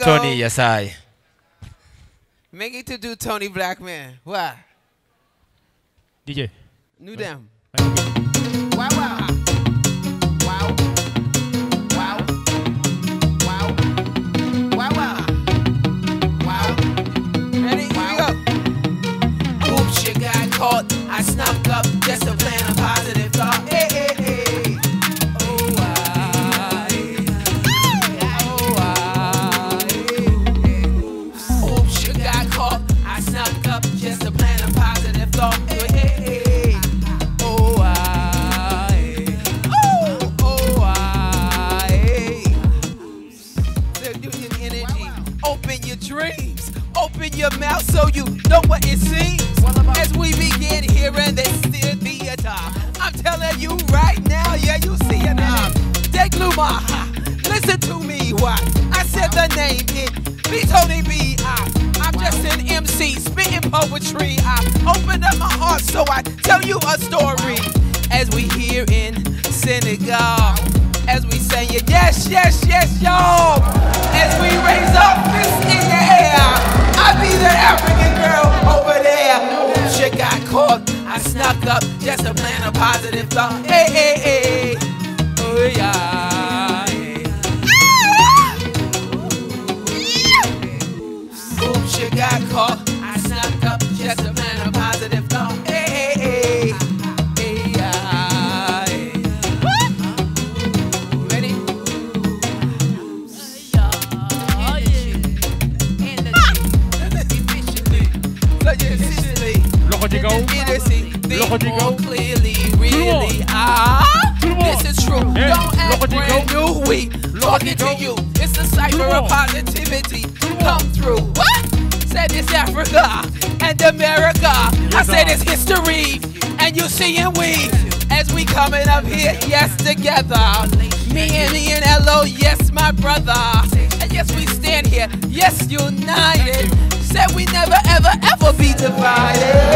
Tony, yes, I. Make it to do Tony Blackman. Why? DJ. New them. up just to plan a positive thought. Hey, hey, hey. Oh, oh, oh, Open your dreams. Open your mouth so you know what it seems. As we begin here in this theater, I'm telling you right now, yeah, you see it now. Take listen to me, why? I said the name, it be Tony B. I. I'm just an MC poetry. I open up my heart so I tell you a story. As we here in Senegal, as we say it, yes, yes, yes, y'all. As we raise up fists in the air, I be the African girl over there. Oh, shit got caught. I snuck up just to plant a positive thought. Hey, hey, hey. Oh, yeah. got caught. Loco ci kaw loxo ci kaw really ah this is true don't act brand new we talking to you it's the cyber of positivity come through what said it's Africa and America I said it's history and you seeing we as we coming up here yes together me and me and L.O. yes my brother and yes we stand here yes united said we never ever ever be divided